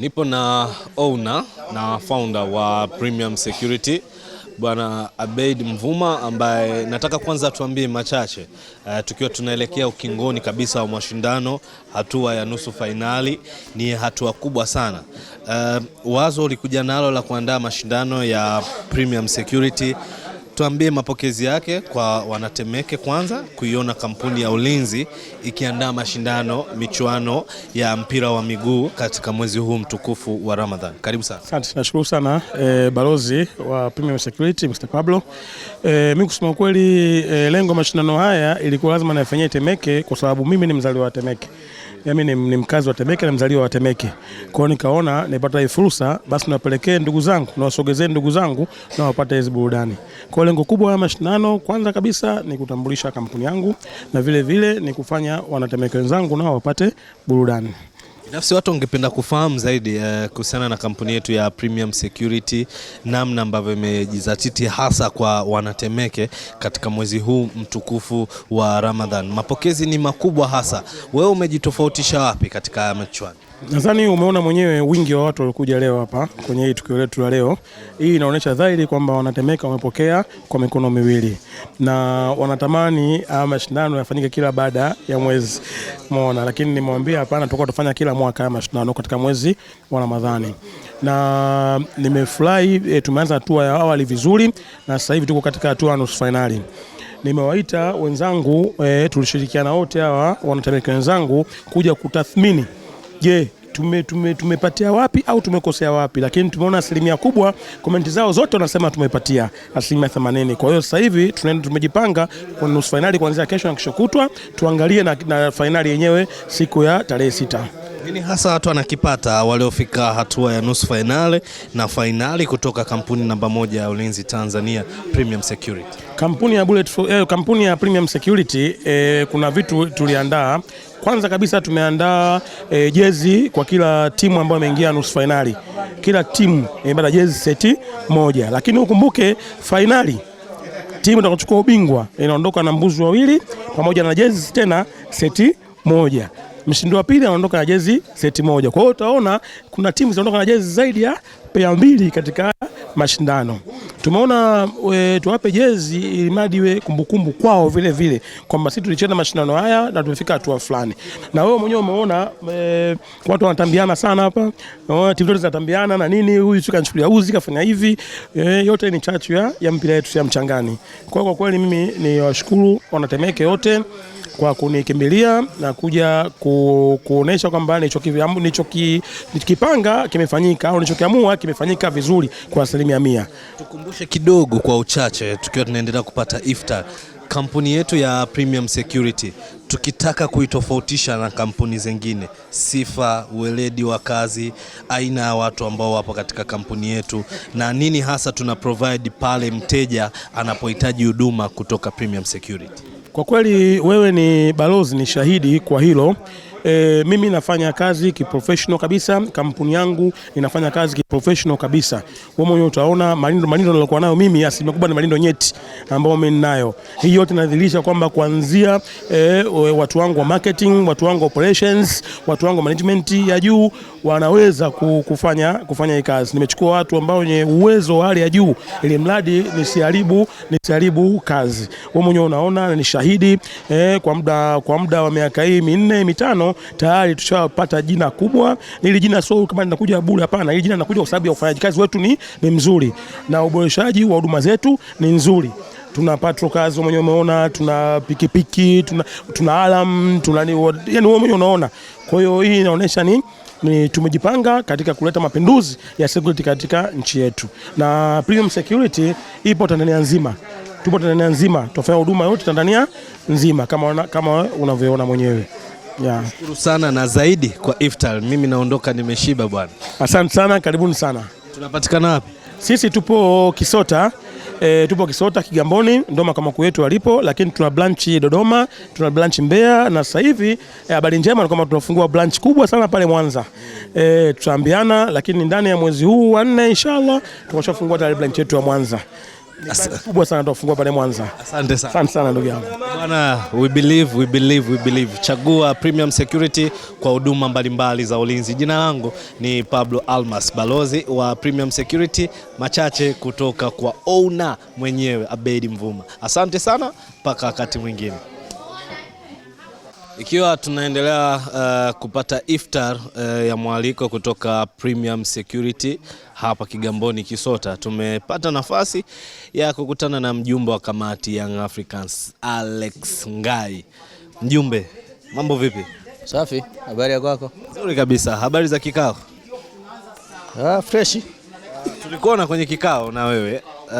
Nipo na owner na founder wa Premium Security Bwana Abeid Mvuma ambaye nataka kwanza tuambie machache uh, tukiwa tunaelekea ukingoni kabisa wa mashindano hatua ya nusu fainali, ni hatua kubwa sana. Uh, wazo ulikuja nalo la kuandaa mashindano ya Premium Security tuambie mapokezi yake kwa wanatemeke, kwanza kuiona kampuni ya Ulinzi ikiandaa mashindano michuano ya mpira wa miguu katika mwezi huu mtukufu wa Ramadhan. Karibu sana. Asante, nashukuru sana e, balozi wa Premium Security Mr. Pablo. E, eh, mimi kusema ukweli e, lengo mashindano haya ilikuwa lazima naifanyie Temeke kwa sababu mimi ni mzaliwa wa Temeke mimi ni mkazi wa Temeke na mzaliwa wa Temeke. Kwa hiyo nikaona nipata hii fursa, basi niwapelekee ndugu zangu, niwasogezee ndugu zangu na wapate hizo burudani. Kwa lengo kubwa ya mashindano, kwanza kabisa ni kutambulisha kampuni yangu na vile vile ni kufanya wanatemeke wenzangu nao wapate burudani. Binafsi watu wangependa kufahamu zaidi uh, kuhusiana na kampuni yetu ya Premium Security, namna ambavyo imejizatiti hasa kwa wanatemeke katika mwezi huu mtukufu wa Ramadhan. Mapokezi ni makubwa hasa. Wewe umejitofautisha wapi katika michuano? Nadhani umeona mwenyewe wingi wa watu waliokuja leo hapa kwenye hii tukio letu la leo. Hii inaonyesha dhahiri kwamba wanatemeka wamepokea kwa mikono miwili na wanatamani haya mashindano yafanyike kila baada ya mwezi umeona, lakini nimwambia hapana, tutakuwa tufanya kila mwaka haya mashindano katika mwezi wa Ramadhani na nimefurahi e, tumeanza hatua ya awali vizuri na sasa hivi tuko katika hatua ya nusu fainali. Nimewaita wenzangu e, tulishirikiana wote hawa wanatemeka wenzangu kuja kutathmini je, tume, tume, tumepatia wapi au tumekosea wapi? Lakini tumeona asilimia kubwa komenti zao zote wanasema tumepatia asilimia themanini. Kwa hiyo sasa hivi tunaenda tumejipanga kwa nusu fainali kuanzia kesho na kesho kutwa, tuangalie na, na fainali yenyewe siku ya tarehe sita. Nini hasa watu wanakipata waliofika hatua ya nusu fainali na fainali kutoka kampuni namba moja ya ulinzi Tanzania Premium Security? Kampuni ya Bullet, eh, kampuni ya Premium Security eh, kuna vitu tuliandaa. Kwanza kabisa tumeandaa eh, jezi kwa kila timu ambayo imeingia nusu fainali. Kila timu imepata eh, jezi seti moja, lakini ukumbuke fainali timu itakachukua ubingwa inaondoka na mbuzi wawili pamoja na jezi tena seti moja mshindi wa pili anaondoka na jezi seti moja. Kwa hiyo utaona kuna timu zinaondoka na jezi zaidi ya pea mbili katika mashindano tumeona tuwape jezi ili mradi iwe kumbukumbu kwao vile vile kwamba sisi tulicheza mashindano haya na tumefika hatua fulani. Na wewe mwenyewe umeona e, watu wanatambiana sana hapa, naona timu zote zinatambiana na nini, huyu sio kanichukulia uzi kafanya hivi e, yote ni chachu ya, ya mpira wetu ya mchangani. Kwa kwa kweli mimi ni washukuru wanatemeke wote kwa kunikimbilia na kuja ku, kuonesha kwamba nilichokipanga kimefanyika au nilichokiamua kimefanyika vizuri kwa asilimia mia tukumbushe kidogo kwa uchache, tukiwa tunaendelea kupata iftar, kampuni yetu ya Premium Security, tukitaka kuitofautisha na kampuni zingine, sifa, weledi wa kazi, aina ya watu ambao wapo katika kampuni yetu, na nini hasa tuna provide pale mteja anapohitaji huduma kutoka Premium Security. Kwa kweli wewe ni balozi, ni shahidi kwa hilo. E, mimi nafanya kazi kiprofessional kabisa, kampuni yangu inafanya kazi kiprofessional kabisa. Wewe mwenyewe utaona malindo malindo nilokuwa nayo mimi, asilimia kubwa ni malindo nyeti ambayo mimi ninayo. Hii yote inadhihirisha kwamba kuanzia e, watu wangu wa marketing, watu wangu operations, watu wangu management ya juu wanaweza kufanya kufanya hii kazi. Nimechukua watu ambao wenye uwezo wa hali ya juu, ili mradi nisiharibu nisiharibu kazi. Wewe mwenyewe unaona ni shahidi e, kwa muda kwa muda wa miaka hii minne mitano tayari tushapata jina kubwa. Ili jina sio kama linakuja bure, hapana. Ili jina linakuja kwa sababu ya ufanyaji kazi wetu ni, ni mzuri na uboreshaji wa huduma zetu ni nzuri tuna patrol cars mwenyewe umeona, tuna pikipiki tuna, tuna alarm tuna, ni, yani wewe mwenyewe unaona. Kwa hiyo hii inaonyesha ni, ni tumejipanga katika kuleta mapinduzi ya security katika nchi yetu, na premium security ipo Tanzania nzima, tupo Tanzania nzima, tofauti huduma yote Tanzania nzima kama, kama unavyoona mwenyewe. Yeah. sana na zaidi kwa iftar. Mimi naondoka nimeshiba bwana. Asante sana, karibuni sana. Tunapatikana wapi? Sisi tupo Kisota. E, tupo Kisota Kigamboni, ndo makao makuu yetu alipo, lakini tuna branch Dodoma, tuna branch Mbeya, na sasa hivi eh, habari e, njema ni kwamba tunafungua branch kubwa sana pale Mwanza. E, tutaambiana, lakini ndani ya mwezi huu wa nne inshallah tumeshafungua tayari branch yetu ya Mwanza kubwa sana tutafungua pale Mwanza. Asante sana. Asante sana ndugu yangu. Bwana, we believe, we believe, we believe. Chagua Premium Security kwa huduma mbalimbali za ulinzi. Jina langu ni Pablo Almas, balozi wa Premium Security, machache kutoka kwa owner mwenyewe Abedi Mvuma. Asante sana mpaka wakati mwingine. Ikiwa tunaendelea uh, kupata iftar uh, ya mwaliko kutoka Premium Security hapa Kigamboni Kisota, tumepata nafasi ya kukutana na mjumbe wa kamati Young Africans Alex Ngai. Mjumbe, mambo vipi? Safi, habari ya kwako? Nzuri kabisa. Habari za kikao? Ah, fresh. Tulikuona kwenye kikao na wewe uh,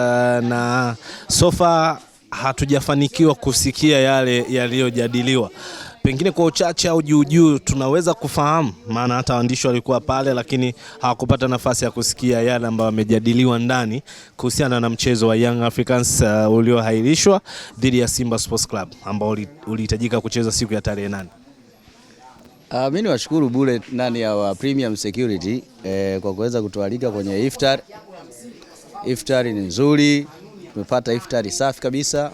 na sofa hatujafanikiwa kusikia yale yaliyojadiliwa pengine kwa uchache au juu juu tunaweza kufahamu, maana hata waandishi walikuwa pale, lakini hawakupata nafasi ya kusikia yale ambayo yamejadiliwa ndani kuhusiana na mchezo wa Young Africans uh, uliohairishwa dhidi ya Simba Sports Club ambao ulihitajika kucheza siku ya tarehe nane. Uh, mimi washukuru bure nani ya Premium Security eh, kwa kuweza kutualika kwenye iftar. Iftar ni nzuri, tumepata iftari safi kabisa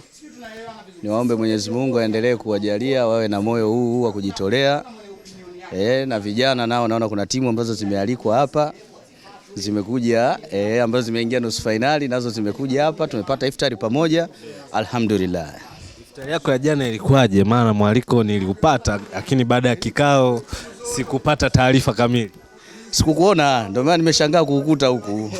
niwaombe Mwenyezi Mungu aendelee kuwajalia wawe na moyo huu wa kujitolea e, na vijana nao naona kuna timu ambazo zimealikwa hapa zimekuja e, ambazo zimeingia nusu fainali nazo zimekuja hapa, tumepata iftari pamoja, alhamdulillah. Iftari yako ya jana ilikuwaje? Maana mwaliko niliupata, lakini baada ya kikao sikupata taarifa kamili, sikukuona, ndio maana nimeshangaa kukukuta huku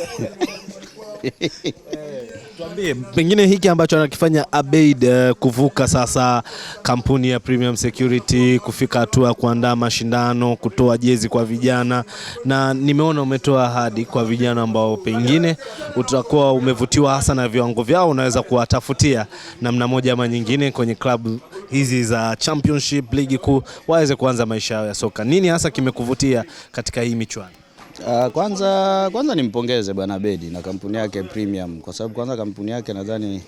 Tuambie pengine hiki ambacho anakifanya Abeid uh, kuvuka sasa kampuni ya Premium Security kufika hatua ya kuandaa mashindano, kutoa jezi kwa vijana, na nimeona umetoa ahadi kwa vijana ambao pengine utakuwa umevutiwa hasa na viwango vyao, unaweza kuwatafutia namna moja ama nyingine kwenye klabu hizi za Championship, ligi kuu, waweze kuanza maisha yao ya soka. Nini hasa kimekuvutia katika hii michuano? Uh, kwanza, kwanza nimpongeze Bwana Bedi na kampuni yake Premium kwa sababu kwanza kampuni yake nadhani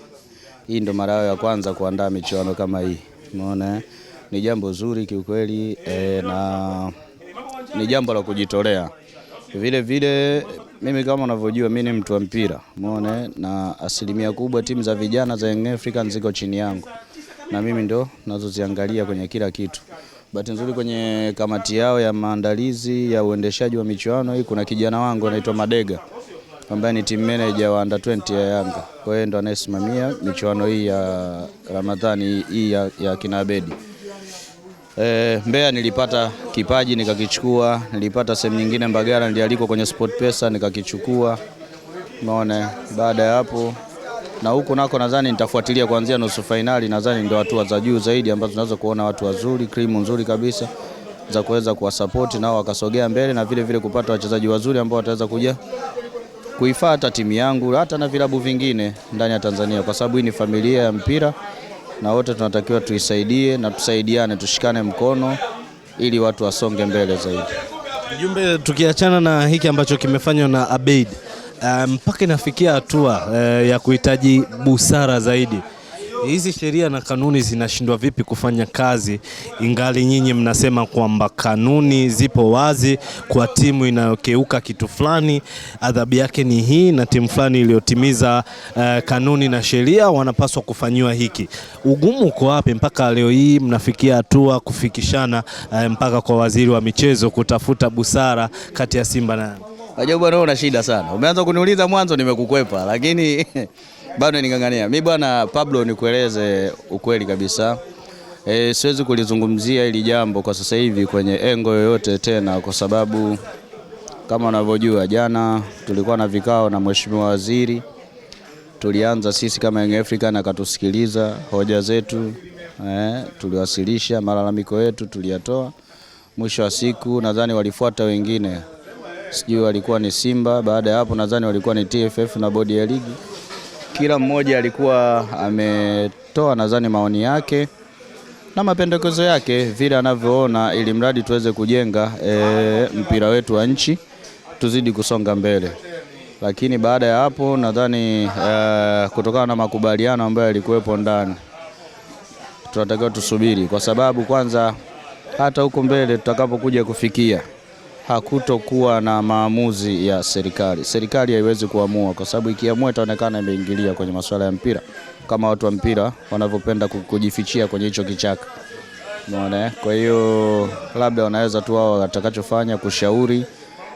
hii ndo mara yao ya kwanza kuandaa michuano kama hii. Umeona eh? ni jambo zuri kiukweli e, na ni jambo la kujitolea vile vile. Mimi kama unavyojua mimi ni mtu wa mpira umeona, eh? na asilimia kubwa timu za vijana za Young Africans ziko chini yangu na mimi ndo nazoziangalia kwenye kila kitu. Bahati nzuri kwenye kamati yao ya maandalizi ya uendeshaji wa michuano hii kuna kijana wangu anaitwa Madega ambaye ni team manager wa under 20 ya Yanga. Kwa hiyo ndo anayesimamia michuano hii ya Ramadhani hii ya, ya kinabedi. E, Mbeya nilipata kipaji nikakichukua, nilipata sehemu nyingine Mbagala nilialikwa kwenye Sport Pesa nikakichukua. Unaona, baada ya hapo na huku nako nadhani nitafuatilia kuanzia nusu fainali, nadhani ndio hatua za juu zaidi ambazo tunaweza kuona watu wazuri, krimu nzuri kabisa za kuweza kuwasapoti nao wakasogea mbele, na vile vile kupata wachezaji wazuri ambao wataweza kuja kuifata timu yangu hata na vilabu vingine ndani ya Tanzania, kwa sababu hii ni familia ya mpira na wote tunatakiwa tuisaidie na tusaidiane, tushikane mkono ili watu wasonge mbele zaidi. Jumbe, tukiachana na hiki ambacho kimefanywa na Abeid Eh, mpaka um, inafikia hatua uh, ya kuhitaji busara zaidi. Hizi sheria na kanuni zinashindwa vipi kufanya kazi, ingali nyinyi mnasema kwamba kanuni zipo wazi kwa timu inayokeuka kitu fulani, adhabu yake ni hii, na timu fulani iliyotimiza uh, kanuni na sheria wanapaswa kufanyiwa hiki. Ugumu uko wapi mpaka leo hii mnafikia hatua kufikishana uh, mpaka kwa waziri wa michezo kutafuta busara kati ya Simba na Unajua bwana, una shida sana. Umeanza kuniuliza mwanzo, nimekukwepa lakini bado ning'ang'ania. Mimi bwana Pablo, nikueleze ukweli kabisa e, siwezi kulizungumzia hili jambo kwa sasa hivi kwenye engo yoyote tena, kwa sababu kama unavyojua, jana tulikuwa na vikao na mheshimiwa waziri, tulianza sisi kama Young African, akatusikiliza hoja zetu eh, tuliwasilisha malalamiko yetu, tuliyatoa. Mwisho wa siku nadhani walifuata wengine sijui walikuwa ni Simba, baada ya hapo nadhani walikuwa ni TFF na bodi ya ligi. Kila mmoja alikuwa ametoa nadhani maoni yake na mapendekezo yake vile anavyoona, ili mradi tuweze kujenga e, mpira wetu wa nchi, tuzidi kusonga mbele. Lakini baada ya hapo nadhani e, kutokana na makubaliano ambayo yalikuwepo ndani, tunatakiwa tusubiri, kwa sababu kwanza hata huko mbele tutakapokuja kufikia hakutokuwa na maamuzi ya serikali. Serikali haiwezi kuamua, kwa sababu ikiamua itaonekana imeingilia kwenye masuala ya mpira, kama watu wa mpira wanavyopenda kujifichia kwenye hicho kichaka. Unaona, eh? kwa hiyo labda wanaweza tu wao watakachofanya kushauri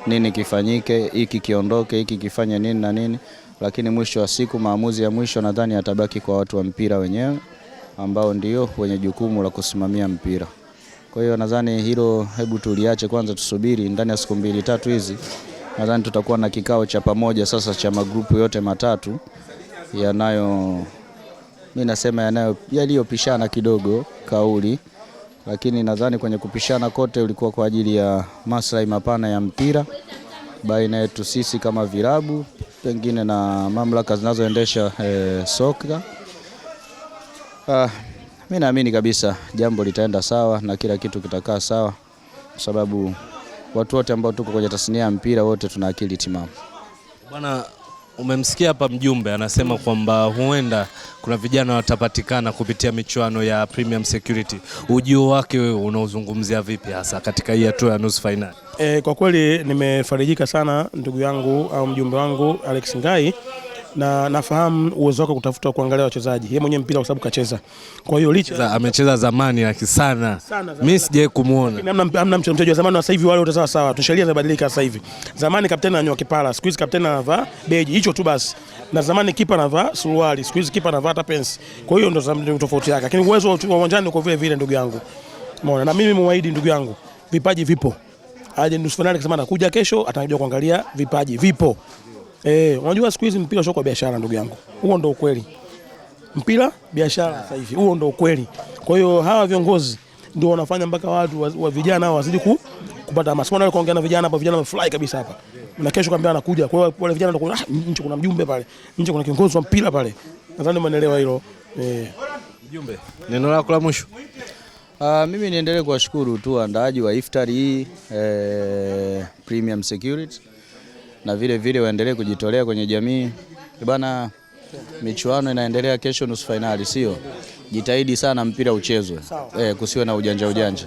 nini kifanyike, hiki kiondoke, hiki kifanye nini na nini, lakini mwisho wa siku maamuzi ya mwisho nadhani yatabaki kwa watu wa mpira wenyewe ambao ndio wenye jukumu la kusimamia mpira. Kwa hiyo nadhani hilo hebu tuliache kwanza, tusubiri ndani ya siku mbili tatu hizi, nadhani tutakuwa na kikao cha pamoja sasa cha magrupu yote matatu yanayo mimi nasema yanayo yaliyopishana kidogo kauli, lakini nadhani kwenye kupishana kote ulikuwa kwa ajili ya maslahi mapana ya mpira baina yetu sisi kama vilabu pengine na mamlaka zinazoendesha eh, soka ah mi naamini kabisa jambo litaenda sawa na kila kitu kitakaa sawa, kwa sababu watu wote ambao tuko kwenye tasnia ya mpira wote tuna akili timamu. Bwana, umemsikia hapa mjumbe anasema kwamba huenda kuna vijana watapatikana kupitia michuano ya Premium Security. Ujio wake wewe unaozungumzia vipi hasa katika hii hatua ya nusu fainali? E, eh, kwa kweli nimefarijika sana ndugu yangu au mjumbe wangu Alex Ngai na nafahamu uwezo wako kutafuta wa kuangalia wachezaji. Yeye mwenyewe mpira kwa sababu kacheza. Kwa hiyo licha za, amecheza zamani laki sana. Mimi sijawahi kumuona. Hamna mchezaji wa zamani na sasa hivi wale wote sawa sawa. Tu sheria zimebadilika sasa hivi. Zamani kapteni ananyoa kipara, siku hizi kapteni anavaa beji, hicho tu basi. Na zamani kipa anavaa suruali, siku hizi kipa anavaa hata pensi. Kwa hiyo ndo tofauti yake. Lakini uwezo wa uwanjani uko vile vile ndugu yangu. Umeona? Na mimi muahidi ndugu yangu, vipaji vipo. Aje nusu finali, akasema anakuja kesho, atakuja kuangalia vipaji vipo. Eh, unajua siku hizi mpira sio kwa biashara ndugu yangu. Huo ndio ukweli. Mpira biashara sasa hivi. Huo ndio ukweli. Kwa hiyo hawa viongozi ndio wanafanya mpaka watu wa, wa vijana hao wazidi ku, kupata hamasa. Unaona kaongea na vijana hapa, vijana wamefurahi kabisa hapa. Na kesho kaambia anakuja. Kwa hiyo wale vijana ndio ah, nje kuna mjumbe pale. Nje kuna kiongozi wa mpira pale. Nadhani umeelewa hilo. Eh. Mjumbe. Neno lako la mwisho. Uh, mimi niendelee kuwashukuru tu waandaaji wa iftari hii eh, Premium Security na vile vile waendelee kujitolea kwenye jamii bana. Michuano inaendelea kesho, nusu fainali, sio? Jitahidi sana mpira uchezwe e, kusiwe na ujanja ujanja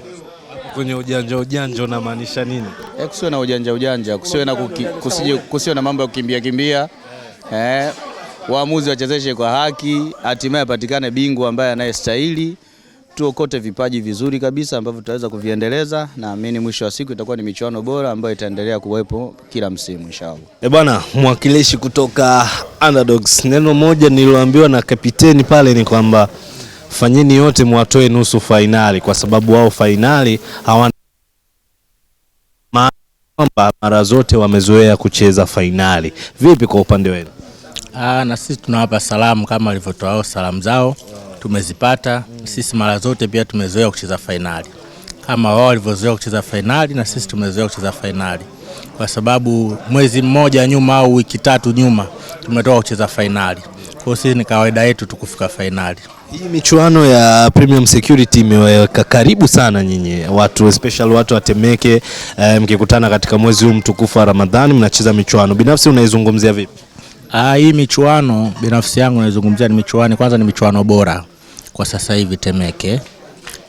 kwenye ujanja ujanja unamaanisha nini? E, kusiwe na ujanja ujanja, kusiwe na kuki, kusiwe, kusiwe na mambo ya kukimbia kimbia e, waamuzi wachezeshe kwa haki, hatimaye apatikane bingwa ambaye anayestahili tuokote vipaji vizuri kabisa ambavyo tutaweza kuviendeleza. Naamini mwisho wa siku itakuwa ni michuano bora ambayo itaendelea kuwepo kila msimu inshallah. E bwana, mwakilishi kutoka Underdogs, neno moja nililoambiwa na kapiteni pale ni kwamba fanyeni yote mwatoe nusu fainali, kwa sababu wao fainali hawana kwamba mara zote wamezoea kucheza fainali. Vipi kwa upande wenu? Ah, na sisi tunawapa salamu kama walivyotoa salamu zao tumezipata mm. Sisi mara zote pia tumezoea kucheza fainali kama wao walivyozoea kucheza fainali na sisi tumezoea kucheza fainali, kwa sababu mwezi mmoja nyuma au wiki tatu nyuma tumetoka kucheza fainali. Kwa hiyo sisi ni kawaida yetu tukufika fainali. Hii michuano ya Premium Security imeweka karibu sana nyinyi watu special watu watemeke eh, mkikutana katika mwezi huu mtukufu wa Ramadhani mnacheza michuano binafsi, unaizungumzia vipi? Ah, hii michuano binafsi yangu naizungumzia ni michuano kwanza, ni michuano bora kwa sasa hivi Temeke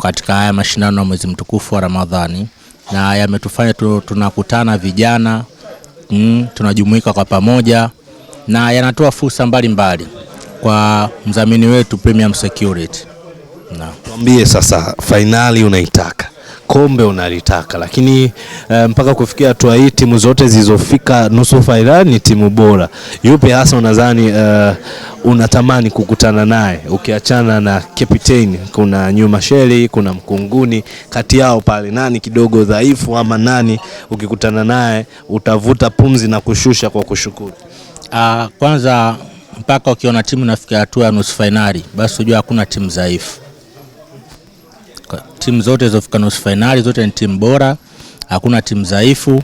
katika haya mashindano ya mwezi mtukufu wa Ramadhani, na yametufanya tu, tunakutana vijana mm, tunajumuika kwa pamoja na yanatoa fursa mbalimbali kwa mdhamini wetu Premium Security. Na tuambie sasa, fainali unaitaka kombe unalitaka, lakini uh, mpaka kufikia hatua hii timu zote zilizofika nusu fainali ni timu bora. Yupi hasa unadhani uh, unatamani kukutana naye ukiachana na captain? Kuna Nyuma Sheli, kuna Mkunguni, kati yao pale nani kidogo dhaifu, ama nani ukikutana naye utavuta pumzi na kushusha kwa kushukuru? Uh, kwanza mpaka ukiona timu inafikia hatua ya nusu fainali, basi unajua hakuna timu dhaifu Timu zote zofika nusu fainali zote ni timu bora, hakuna timu dhaifu,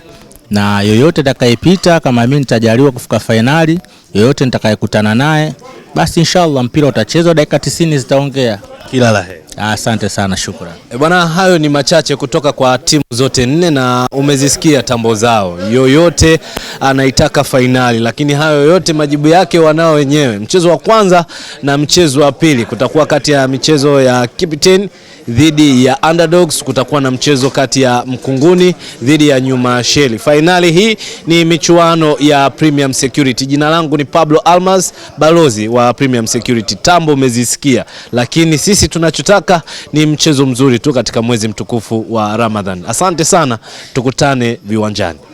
na yoyote atakayepita, kama mimi nitajaliwa kufika fainali, yoyote nitakayekutana naye, basi inshallah mpira utachezwa, dakika 90 zitaongea. Kila la heri. Asante sana, shukrani. E eh, bwana, hayo ni machache kutoka kwa timu zote nne na umezisikia tambo zao. Yoyote anaitaka fainali, lakini hayo yote majibu yake wanao wenyewe. Mchezo wa kwanza na mchezo wa pili kutakuwa kati ya michezo ya Captain dhidi ya Underdogs, kutakuwa na mchezo kati ya Mkunguni dhidi ya Nyuma Sheli. Fainali hii ni michuano ya Premium Security. Jina langu ni Pablo Almas, balozi wa Premium Security. Tambo umezisikia, lakini sisi tunachotaka hakika ni mchezo mzuri tu katika mwezi mtukufu wa Ramadhan. Asante sana, tukutane viwanjani.